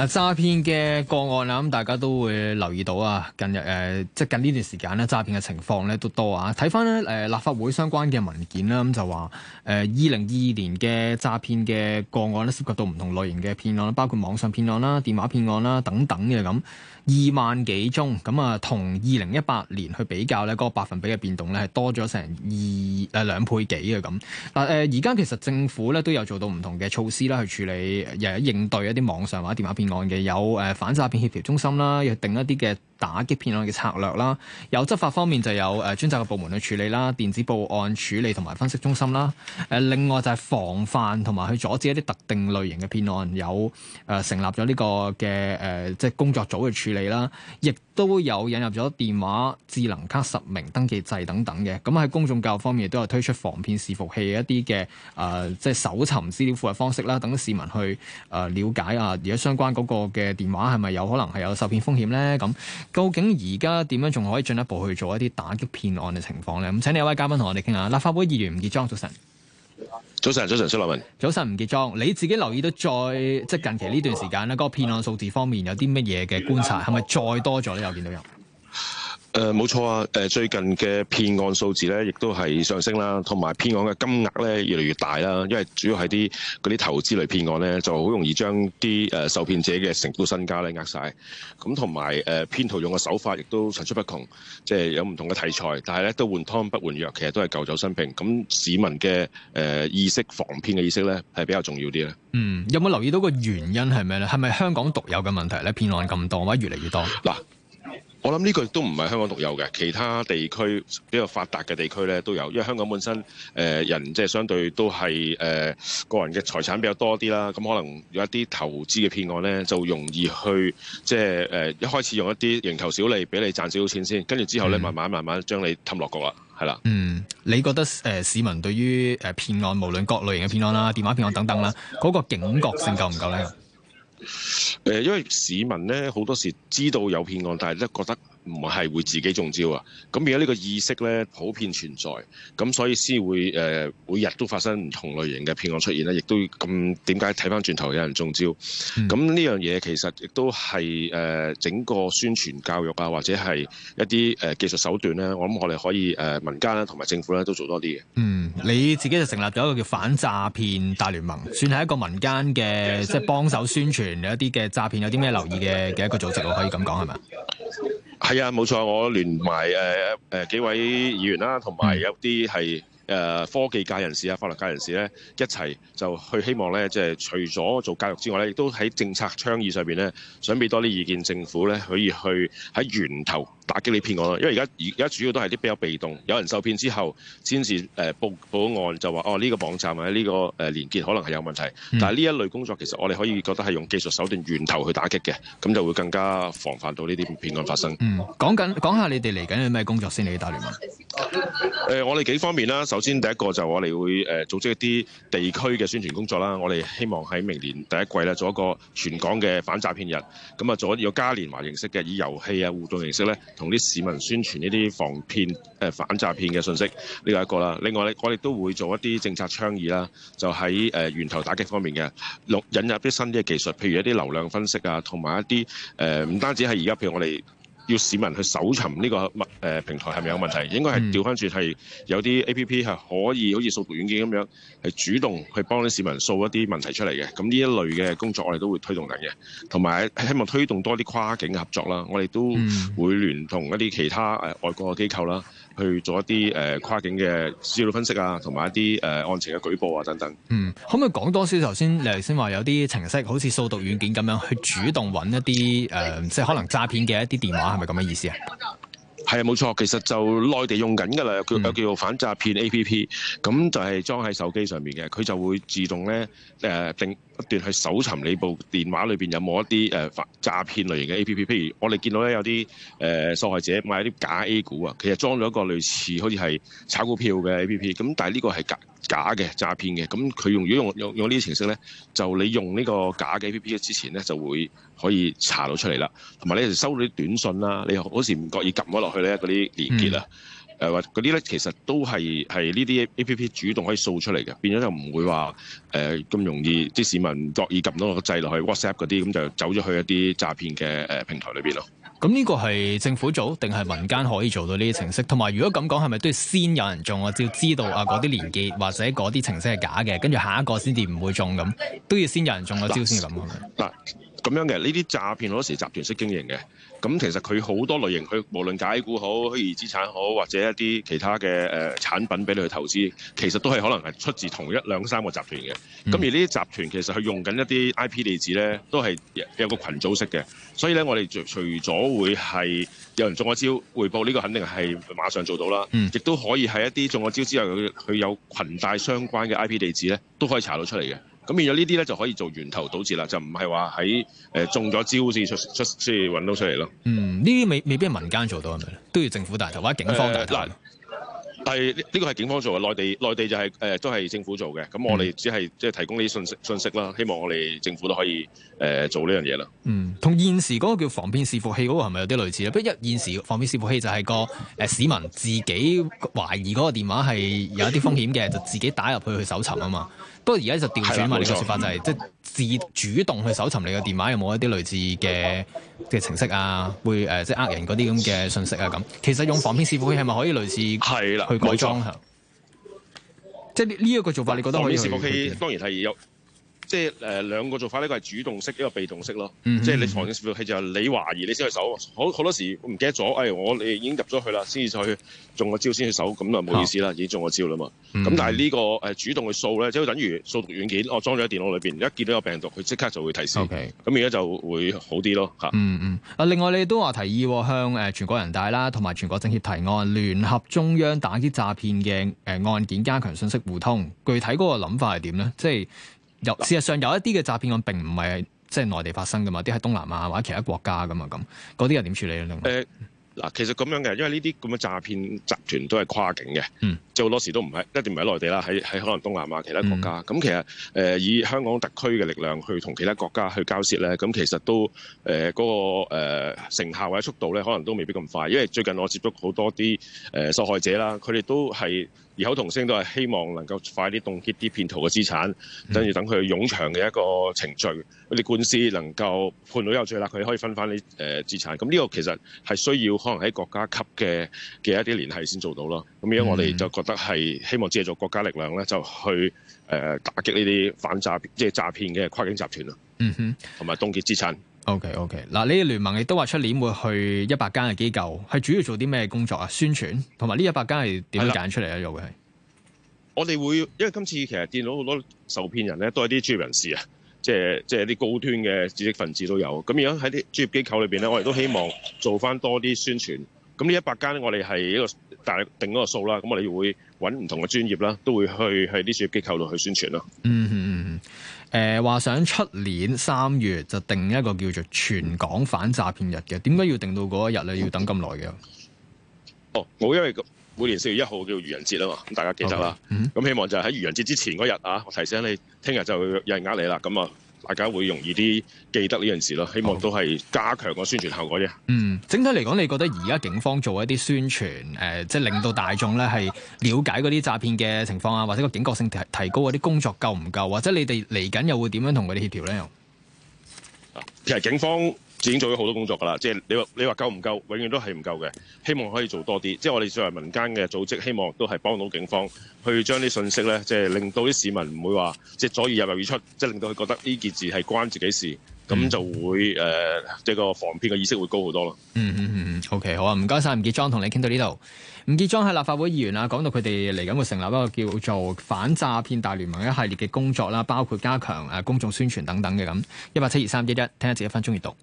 嗱、啊，詐騙嘅個案啦，咁大家都會留意到啊。近日，誒、呃，即係近呢段時間咧，詐騙嘅情況咧都多啊。睇翻咧，誒、呃，立法會相關嘅文件啦，咁、啊、就話，誒、呃，二零二二年嘅詐騙嘅個案咧，涉及到唔同類型嘅騙案包括網上騙案啦、電話騙案啦等等嘅咁，二萬幾宗。咁啊，同二零一八年去比較呢嗰、那個百分比嘅變動咧係多咗成二誒、呃、兩倍幾嘅咁。嗱，誒、呃，而家其實政府咧都有做到唔同嘅措施啦，去處理日日應對一啲網上或者電話騙案。案嘅有誒反詐騙協調中心啦，約定一啲嘅，打擊騙案嘅策略啦，有執法方面就有誒專責嘅部門去處理啦，電子報案處理同埋分析中心啦。另外就係防範同埋去阻止一啲特定類型嘅騙案，有成立咗呢個嘅即係工作組去處理啦，亦都有引入咗電話智能卡實名登記制等等嘅。咁喺公眾教育方面亦都有推出防騙伺服器一啲嘅即係搜尋資料庫嘅方式啦，等市民去了解啊，而家相關嗰個嘅電話係咪有可能係有受騙風險咧？咁究竟而家點樣仲可以進一步去做一啲打擊騙案嘅情況咧？咁請你有位嘉賓同我哋傾下。立法會議員吳傑莊，早晨。早晨早晨，蘇立文。早晨吳傑莊，你自己留意到再即近期呢段時間咧，嗰個騙案數字方面有啲乜嘢嘅觀察？係咪再多咗咧？有見到有？誒冇、嗯、錯啊！最近嘅騙案數字咧，亦都係上升啦，同埋騙案嘅金額咧，越嚟越大啦。因為主要係啲嗰啲投資類騙案咧，就好容易將啲誒受騙者嘅成副身家咧，呃晒。咁同埋誒騙徒用嘅手法亦都層出不窮，即係有唔同嘅題材，但係咧都換湯不換藥，其實都係舊酒新瓶。咁市民嘅誒、呃、意識防騙嘅意識咧，係比較重要啲咧。嗯，有冇留意到個原因係咩咧？係咪香港獨有嘅問題咧？騙案咁多或者越嚟越多？嗱。我諗呢個都唔係香港獨有嘅。其他地區比較發達嘅地區呢都有，因為香港本身誒、呃、人即係相對都係誒、呃、個人嘅財產比較多啲啦，咁、嗯、可能有一啲投資嘅騙案呢，就容易去即係、呃、一開始用一啲蠅頭小利俾你賺少少錢先，跟住之後呢慢慢慢慢將你氹落局啦，係啦。嗯，你覺得誒、呃、市民對於誒騙案，無論各類型嘅騙案啦、啊、電話騙案等等啦、啊，嗰、嗯、個警覺性夠唔夠呢？誒，因為市民咧，好多時知道有騙案，但係咧，覺得唔係會自己中招啊。咁而家呢個意識咧普遍存在，咁所以先會誒每日都發生唔同類型嘅騙案出現啦。亦都咁點解睇返轉頭，有人中招？咁呢、嗯、樣嘢其實亦都係誒整個宣傳教育啊，或者係一啲誒技術手段咧，我諗我哋可以誒民間啦，同埋政府咧都做多啲嘅。嗯，你自己就成立咗一個叫反詐騙大聯盟，算係一個民間嘅即係幫手宣傳。有一啲嘅詐騙，有啲咩留意嘅嘅一個組織，我可以咁講，係咪啊？係啊，冇錯。我聯埋誒誒幾位議員啦，同埋有啲係。誒、呃、科技界人士啊，法律界人士咧，一齊就去希望咧，即係除咗做教育之外咧，亦都喺政策倡議上面，咧，想俾多啲意見政府咧，可以去喺源頭打擊呢啲騙案。因為而家而家主要都係啲比較被動，有人受騙之後先至誒報報案，就話哦呢、呢個網站或者呢個連結可能係有問題。嗯、但係呢一類工作其實我哋可以覺得係用技術手段源頭去打擊嘅，咁就會更加防範到呢啲騙案發生。嗯，講緊講下你哋嚟緊係咩工作先？你打亂問。誒，我哋幾方面啦，首先第一個就係我哋會誒組織一啲地區嘅宣傳工作啦，我哋希望喺明年第一季咧做一個全港嘅反詐騙日，咁啊做一個嘉年華形式嘅以遊戲啊、互動形式咧，同啲市民宣傳呢啲防騙誒反詐騙嘅信息，呢個一個啦。另外咧，我哋都會做一啲政策倡議啦，就喺誒源頭打擊方面嘅引入啲新啲嘅技術，譬如一啲流量分析啊，同埋一啲誒唔單止係而家譬如我哋。要市民去搜尋呢個物誒平台係咪有問題，應該係調翻轉係有啲 A P P 係可以好似掃毒軟件咁樣，係主動去幫啲市民掃一啲問題出嚟嘅。咁呢一類嘅工作我哋都會推動緊嘅，同埋希望推動多啲跨境嘅合作啦。我哋都會聯同一啲其他誒外國嘅機構啦，去做一啲誒跨境嘅資料分析啊，同埋一啲誒案情嘅舉報啊等等。嗯，可唔可以講多少頭先？你先話有啲程式好似掃毒軟件咁樣去主動揾一啲誒、呃、即係可能詐騙嘅一啲電話。係咪咁嘅意思啊？係啊，冇錯，其實就內地用緊㗎啦，叫叫做反詐騙 A P P，咁就係裝喺手機上面嘅，佢就會自動咧定不斷去搜尋你部電話裏面有冇一啲誒、呃、詐騙類型嘅 A P P，譬如我哋見到咧有啲誒、呃、受害者買啲假 A 股啊，其實裝咗一個類似好似係炒股票嘅 A P P，咁但係呢個係假假嘅詐騙嘅，咁佢用如果用用用呢啲程式咧，就你用呢個假嘅 A P P 之前咧就會可以查到出嚟啦，同埋你收到啲短信啦，你好似唔覺意撳咗落。佢咧嗰啲連結啊，誒或嗰啲咧其實都係係呢啲 APP 主動可以掃出嚟嘅，變咗就唔會話誒咁容易即市民樂意撳多個掣落去 WhatsApp 嗰啲，咁就走咗去一啲詐騙嘅誒平台裏邊咯。咁呢個係政府做定係民間可以做到呢啲程式？同埋如果咁講，係咪都要先有人中咗招？知道啊，嗰啲連結或者嗰啲程式係假嘅，跟住下一個先至唔會中咁，都要先有人中咗招先咁樣。喇嗎咁樣嘅，呢啲詐騙好多時集團式經營嘅。咁其實佢好多類型，佢無論假股好、虛擬資產好，或者一啲其他嘅誒、呃、產品俾你去投資，其實都係可能係出自同一兩三個集團嘅。咁、嗯、而呢啲集團其實佢用緊一啲 I P 地址呢，都係有個群組式嘅。所以呢，我哋除咗會係有人中咗招，匯報呢個肯定係馬上做到啦。亦都、嗯、可以喺一啲中咗招之後，佢有群帶相關嘅 I P 地址呢，都可以查到出嚟嘅。咁變咗呢啲咧，就可以做源頭堵截啦，就唔係話喺誒中咗招先出出先揾到出嚟咯。嗯，呢啲未未必係民間做到係咪？都要政府帶頭，或者警方帶頭。呃但係呢個係警方做嘅，內地內地就係、是、誒、呃、都係政府做嘅，咁我哋只係即係提供呢啲信息信息啦，希望我哋政府都可以誒、呃、做呢樣嘢啦。嗯，同現時嗰個叫防騙伺服器嗰個係咪有啲類似咧？不一現時防騙伺服器就係個誒、呃、市民自己懷疑嗰個電話係有一啲風險嘅， 就自己打入去去搜尋啊嘛。不過而家就調轉嘛，呢個説法就係、是、即。嗯就是自主動去搜尋你嘅電話有冇一啲類似嘅嘅程式啊？會誒、呃，即係呃人嗰啲咁嘅信息啊咁。其實用防騙視覺器係咪可以類似係啦？去改裝即係呢一個做法，你覺得可以當然係有。即係誒兩個做法，呢個係主動式，一個被動式咯。即係你防病毒就係你懷疑你先去搜。好好多時唔記得咗，誒、哎、我你已經入咗去啦，先至去中個招先去搜。咁就冇意思啦，oh. 已經中咗招啦嘛。咁、mm hmm. 但係呢個主動去掃咧，即係等於掃毒軟件，我裝咗喺電腦裏面，一見到有病毒，佢即刻就會提示。咁而家就會好啲咯，嗯嗯，啊，mm hmm. 另外你都話提議向全國人大啦，同埋全國政協提案，聯合中央打擊詐騙嘅案件，加強信息互通。具體嗰個諗法係點咧？即事實上有一啲嘅詐騙案並唔係即係內地發生㗎嘛，啲喺東南亞或者其他國家㗎嘛，咁嗰啲又點處理咧？誒，嗱，其實咁樣嘅，因為呢啲咁嘅詐騙集團都係跨境嘅，嗯。好多時都唔係，一定唔係內地啦，喺喺可能東南亞其他國家。咁、嗯、其實誒、呃、以香港特區嘅力量去同其他國家去交涉咧，咁其實都誒嗰、呃嗰個、呃、成效或者速度咧，可能都未必咁快。因為最近我接觸好多啲誒、呃、受害者啦，佢哋都係異口同聲都係希望能夠快啲凍結啲騙徒嘅資產，跟住等佢湧場嘅一個程序，啲官司能夠判到有罪啦，佢可以分翻啲誒資產。咁呢個其實係需要可能喺國家級嘅嘅一啲聯繫先做到咯。咁樣我哋就覺得。係希望借助國家力量咧，就去誒打擊呢啲反詐即係詐騙嘅跨境集團啦。嗯哼，同埋凍結資產。O K O K 嗱，呢個聯盟亦都話出年會去一百間嘅機構，係主要做啲咩工作啊？宣傳？同埋呢一百間係點樣揀出嚟咧？又會係我哋會，因為今次其實見到好多受騙人咧，都係啲專業人士啊，即係即係啲高端嘅知識分子都有。咁而家喺啲專業機構裏邊咧，我哋都希望做翻多啲宣傳。咁呢一百間咧，間我哋係一個大定嗰個數啦。咁我哋會揾唔同嘅專業啦，都會去喺啲專業機構度去宣傳啦。嗯嗯嗯。話、呃、想出年三月就定一個叫做全港反詐騙日嘅，點解要定到嗰一日咧？嗯、要等咁耐嘅？哦，我因為每年四月一號叫愚人節啊嘛，咁大家記得啦。咁、嗯、哼希望就係喺愚人節之前嗰日啊，我提醒你，聽日就有人呃你啦。咁、嗯、啊。大家會容易啲記得呢樣事咯，希望都係加強個宣傳效果啫。嗯，整體嚟講，你覺得而家警方做一啲宣傳，呃，即係令到大眾咧係了解嗰啲詐騙嘅情況啊，或者個警覺性提提高嗰啲工作夠唔夠，或者你哋嚟緊又會點樣同佢哋協調咧？又其實警方，已經做咗好多工作㗎啦，即係你話你話夠唔夠，永遠都係唔夠嘅。希望可以做多啲，即係我哋作為民間嘅組織，希望都係幫到警方去將啲信息咧，即係令到啲市民唔會話即係左耳入右耳出，即係令到佢覺得呢件事係關自己事，咁就會誒、呃、即係個防騙嘅意識會高好多咯、嗯。嗯嗯嗯，OK 好啊，唔該晒，吳傑莊同你傾到呢度。吳傑莊係立法會議員啊，講到佢哋嚟緊會成立一個叫做反詐騙大聯盟一系列嘅工作啦，包括加強誒公眾宣傳等等嘅咁。31, 一八七二三一一，聽日接一分鐘閱讀。